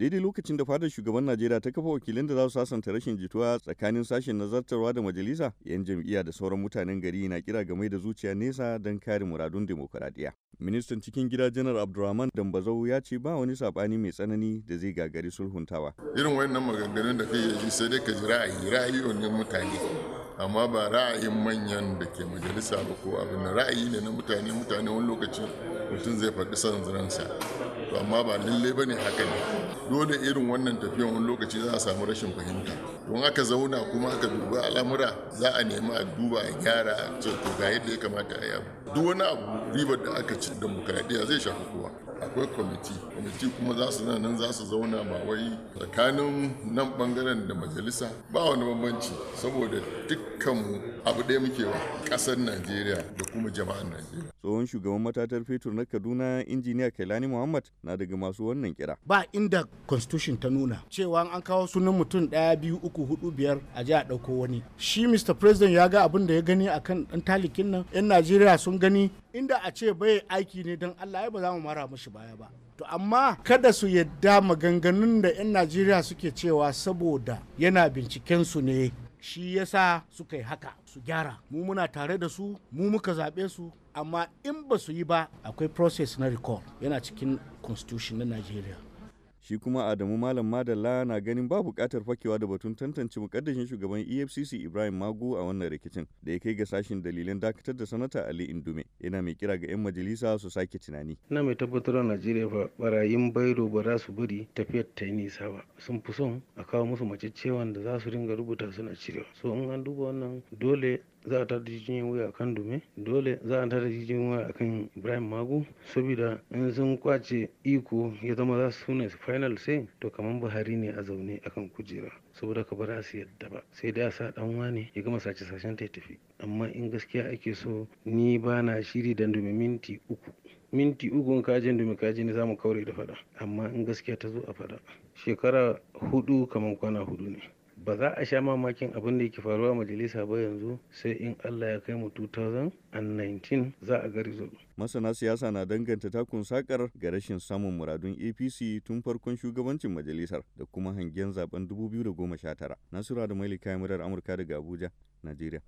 daidai lokacin da fadar shugaban najeriya ta kafa wakilin da za su sasanta rashin jituwa tsakanin sashen nazartarwa da majalisa yan jam'iyya da sauran mutanen gari na kira game da zuciya nesa don kare muradun demokuraɗiyya ministan cikin gida janar abdurrahman dambazau ya ce ba wani sabani mai tsanani da zai gagari sulhuntawa irin wayannan maganganun da kai yi sai dai ka ji ra'ayi ra'ayi wani mutane amma ba ra'ayin manyan da ke majalisa ba ko abin ra'ayi ne na mutane mutane wani lokaci mutum zai faɗi son ransa to amma ba lalle ba ne haka ne dole irin wannan tafiyan wani lokaci za a samu rashin fahimta don aka zauna kuma aka duba al'amura za a nemi a duba a gyara to ga yadda ya kamata a yi abu duk wani abu ribar da aka ci demokradiyya zai shafi kowa akwai kwamiti kwamiti kuma za su nan za su zauna ba wai tsakanin nan bangaren da majalisa ba wani bambanci saboda dukkanmu abu ɗaya muke wa ƙasar najeriya da kuma jama'ar najeriya tsohon shugaban matatar fetur na kaduna injiniya kailani muhammad na daga masu wannan kira ba inda constitution ta nuna cewa an kawo sunan mutum ɗaya biyu uku hudu biyar a ji a ɗauko wani shi mr president ya ga abin da ya gani akan ɗan talikin nan yan najeriya sun gani inda a ce bai aiki ne don Allah ya ba za mu mara mushi baya ba to amma kada su yadda maganganun da 'yan Najeriya suke cewa saboda yana binciken su ne shi yasa suka yi haka su gyara mu muna tare da su mu muka zaɓe su amma in ba su yi ba akwai process na recall yana cikin constitution na Najeriya Shi kuma Adamu Malam Madalla na ganin ba buƙatar fakewa da batun tantance mukaddashin shugaban EFCC Ibrahim magu a wannan rikicin da ya kai ga sashin dalilan dakatar da sanata Ali Indume. Yana mai kira ga 'yan majalisa su sake tunani. Ina mai tabbatar da Najeriya fa barayin bairo ba za su bari tafiyar ta yi nisa ba. Sun fi son a kawo musu macecewan da za su ringa rubuta suna cirewa. So in an duba wannan dole za a tada jijiyoyin wuya kan dume dole za a tada jijiyoyin wuya kan ibrahim magu saboda in sun kwace iko ya zama za su ne final sai to kamar buhari ne a zaune akan kujera saboda ka bar su yadda ba sai dai a sa dan wane ya gama sace sashen ta tafi amma in gaskiya ake so ni ba na shiri dan dume minti uku minti uku in kajin dume kaji ne zamu kaure da fada amma in gaskiya ta zo a fada shekara hudu kamar kwana hudu ne ba za a sha mamakin abin da yake faruwa majalisa ba yanzu sai in allah ya kai mu 2019 za a ga result masana siyasa na danganta takun sakar ga rashin samun muradun apc tun farkon shugabancin majalisar da kuma hangen zaben 2019 nasura da mailika murar amurka daga abuja najeriya